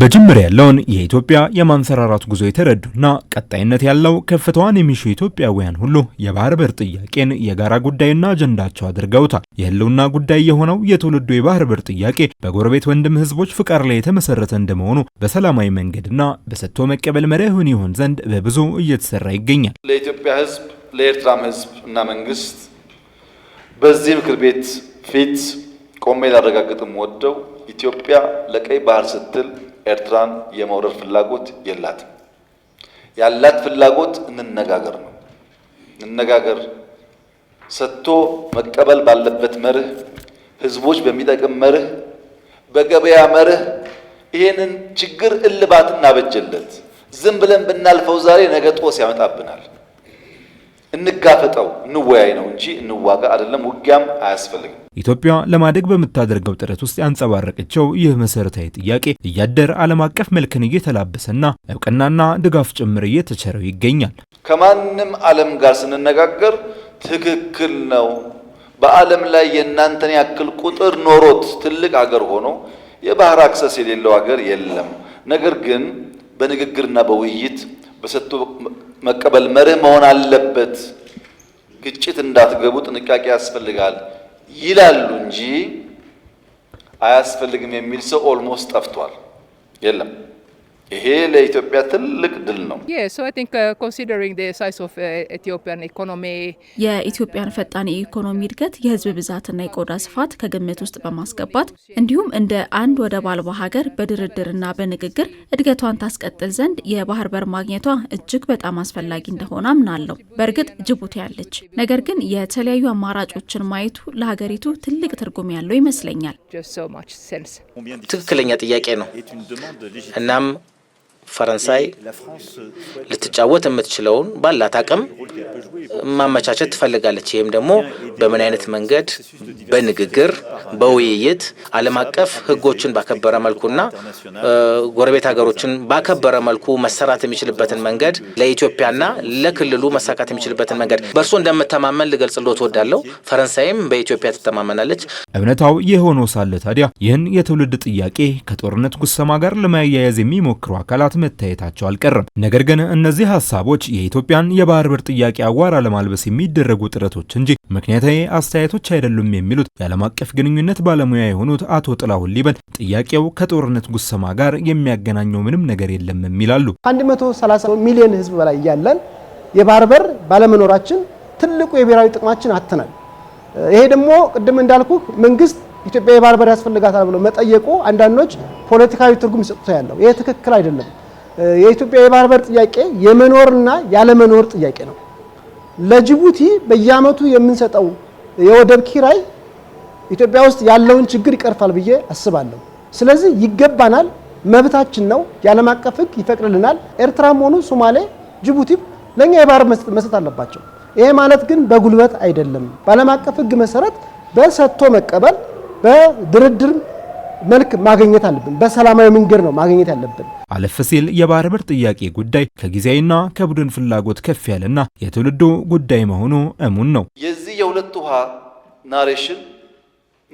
በጅምር ያለውን የኢትዮጵያ የማንሰራራት ጉዞ የተረዱና ቀጣይነት ያለው ከፍታዋን የሚሹ ኢትዮጵያውያን ሁሉ የባህር በር ጥያቄን የጋራ ጉዳይና አጀንዳቸው አድርገውታል። የህልውና ጉዳይ የሆነው የትውልዱ የባህር በር ጥያቄ በጎረቤት ወንድም ህዝቦች ፍቃድ ላይ የተመሰረተ እንደመሆኑ በሰላማዊ መንገድና በሰጥቶ መቀበል መርህን ይሆን ዘንድ በብዙ እየተሰራ ይገኛል። ለኢትዮጵያ ህዝብ፣ ለኤርትራም ህዝብ እና መንግስት በዚህ ምክር ቤት ፊት ቆሜ ላረጋግጥም ወደው ኢትዮጵያ ለቀይ ባህር ስትል ኤርትራን የመውረር ፍላጎት የላትም። ያላት ፍላጎት እንነጋገር ነው። እንነጋገር ሰጥቶ መቀበል ባለበት መርህ፣ ህዝቦች በሚጠቅም መርህ፣ በገበያ መርህ ይህንን ችግር እልባት እናበጀለት። ዝም ብለን ብናልፈው ዛሬ ነገ ጦስ ያመጣብናል። እንጋፈጠው፣ እንወያይ ነው እንጂ እንዋጋ አይደለም። ውጊያም አያስፈልግም። ኢትዮጵያ ለማደግ በምታደርገው ጥረት ውስጥ ያንጸባረቀችው ይህ መሰረታዊ ጥያቄ እያደር ዓለም አቀፍ መልክን እየተላበሰና እውቅናና ድጋፍ ጭምር እየተቸረው ይገኛል። ከማንም ዓለም ጋር ስንነጋገር ትክክል ነው። በዓለም ላይ የእናንተን ያክል ቁጥር ኖሮት ትልቅ አገር ሆኖ የባህር አክሰስ የሌለው አገር የለም። ነገር ግን በንግግርና በውይይት በሰጥቶ መቀበል መርህ መሆን አለበት። ግጭት እንዳትገቡ ጥንቃቄ ያስፈልጋል ይላሉ እንጂ አያስፈልግም የሚል ሰው ኦልሞስት ጠፍቷል። የለም። ይሄ ለኢትዮጵያ ትልቅ ድል ነው። uh, uh, የኢትዮጵያን ፈጣን የኢኮኖሚ እድገት የህዝብ ብዛትና የቆዳ ስፋት ከግምት ውስጥ በማስገባት እንዲሁም እንደ አንድ ወደብ አልባ ሀገር በድርድርና በንግግር እድገቷን ታስቀጥል ዘንድ የባህር በር ማግኘቷ እጅግ በጣም አስፈላጊ እንደሆነ አምናለሁ። በእርግጥ ጅቡቲ ያለች፣ ነገር ግን የተለያዩ አማራጮችን ማየቱ ለሀገሪቱ ትልቅ ትርጉም ያለው ይመስለኛል። ትክክለኛ ጥያቄ ነው። እናም ፈረንሳይ ልትጫወት የምትችለውን ባላት አቅም ማመቻቸት ትፈልጋለች። ይህም ደግሞ በምን አይነት መንገድ? በንግግር፣ በውይይት ዓለም አቀፍ ሕጎችን ባከበረ መልኩና ጎረቤት ሀገሮችን ባከበረ መልኩ መሰራት የሚችልበትን መንገድ ለኢትዮጵያና ለክልሉ መሳካት የሚችልበትን መንገድ በእርሱ እንደምተማመን ልገልጽልዎት እወዳለሁ። ፈረንሳይም በኢትዮጵያ ትተማመናለች። እምነታው የሆኖ ሳለ ታዲያ ይህን የትውልድ ጥያቄ ከጦርነት ጉሰማ ጋር ለማያያዝ የሚሞክሩ አካላት መታየታቸው አልቀርም። ነገር ግን እነዚህ ሀሳቦች የኢትዮጵያን የባህር በር ጥያቄ አዋራ ዳራ ለማልበስ የሚደረጉ ጥረቶች እንጂ ምክንያታዊ አስተያየቶች አይደሉም የሚሉት የዓለም አቀፍ ግንኙነት ባለሙያ የሆኑት አቶ ጥላሁን ሊበን ጥያቄው ከጦርነት ጉሰማ ጋር የሚያገናኘው ምንም ነገር የለም የሚላሉ። 130 ሚሊዮን ህዝብ በላይ እያለን የባህር በር ባለመኖራችን ትልቁ የብሔራዊ ጥቅማችን አትናል ይሄ ደግሞ ቅድም እንዳልኩ መንግስት ኢትዮጵያ የባህር በር ያስፈልጋታል ብሎ መጠየቁ አንዳንዶች ፖለቲካዊ ትርጉም ሰጥቶ ያለው ይሄ ትክክል አይደለም። የኢትዮጵያ የባህር በር ጥያቄ የመኖርና ያለመኖር ጥያቄ ነው። ለጅቡቲ በየአመቱ የምንሰጠው የወደብ ኪራይ ኢትዮጵያ ውስጥ ያለውን ችግር ይቀርፋል ብዬ አስባለሁ። ስለዚህ ይገባናል፣ መብታችን ነው፣ የዓለም አቀፍ ሕግ ይፈቅድልናል። ኤርትራም ሆኑ ሶማሌ፣ ጅቡቲ ለእኛ የባህር መስጠት አለባቸው። ይሄ ማለት ግን በጉልበት አይደለም። በዓለም አቀፍ ሕግ መሰረት በሰጥቶ መቀበል፣ በድርድር መልክ ማግኘት አለብን። በሰላማዊ መንገድ ነው ማግኘት ያለብን። አለፍ ሲል የባህር በር ጥያቄ ጉዳይ ከጊዜያዊና ከቡድን ፍላጎት ከፍ ያለና የትውልዱ ጉዳይ መሆኑ እሙን ነው። የዚህ የሁለት ውሃ ናሬሽን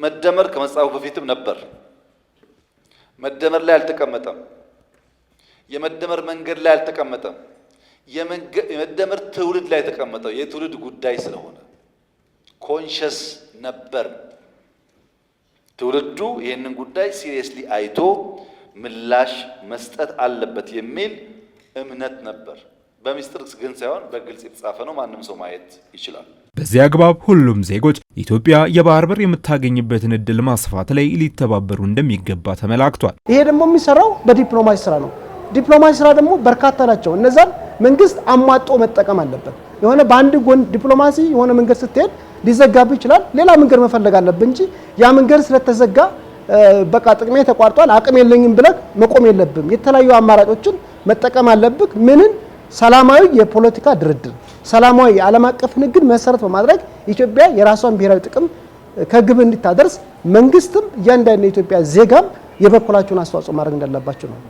መደመር ከመጻፉ በፊትም ነበር። መደመር ላይ አልተቀመጠም። የመደመር መንገድ ላይ አልተቀመጠም። የመደመር ትውልድ ላይ የተቀመጠው የትውልድ ጉዳይ ስለሆነ ኮንሸስ ነበር። ትውልዱ ይህንን ጉዳይ ሲሪየስሊ አይቶ ምላሽ መስጠት አለበት የሚል እምነት ነበር። በሚስጥር ግን ሳይሆን በግልጽ የተጻፈ ነው። ማንም ሰው ማየት ይችላል። በዚህ አግባብ ሁሉም ዜጎች ኢትዮጵያ የባህር በር የምታገኝበትን እድል ማስፋት ላይ ሊተባበሩ እንደሚገባ ተመላክቷል። ይሄ ደግሞ የሚሰራው በዲፕሎማሲ ስራ ነው። ዲፕሎማሲ ስራ ደግሞ በርካታ ናቸው። እነዛን መንግስት አሟጦ መጠቀም አለበት። የሆነ በአንድ ጎን ዲፕሎማሲ የሆነ መንገድ ስትሄድ ሊዘጋብ ይችላል። ሌላ መንገድ መፈለግ አለብን እንጂ ያ መንገድ ስለተዘጋ በቃ ጥቅሜ ተቋርጧል አቅም የለኝም ብለህ መቆም የለብም። የተለያዩ አማራጮችን መጠቀም አለብህ። ምንን ሰላማዊ የፖለቲካ ድርድር፣ ሰላማዊ የዓለም አቀፍ ንግድ መሰረት በማድረግ ኢትዮጵያ የራሷን ብሔራዊ ጥቅም ከግብ እንድታደርስ መንግስትም እያንዳንዱ የኢትዮጵያ ዜጋም የበኩላቸውን አስተዋጽኦ ማድረግ እንዳለባቸው ነው።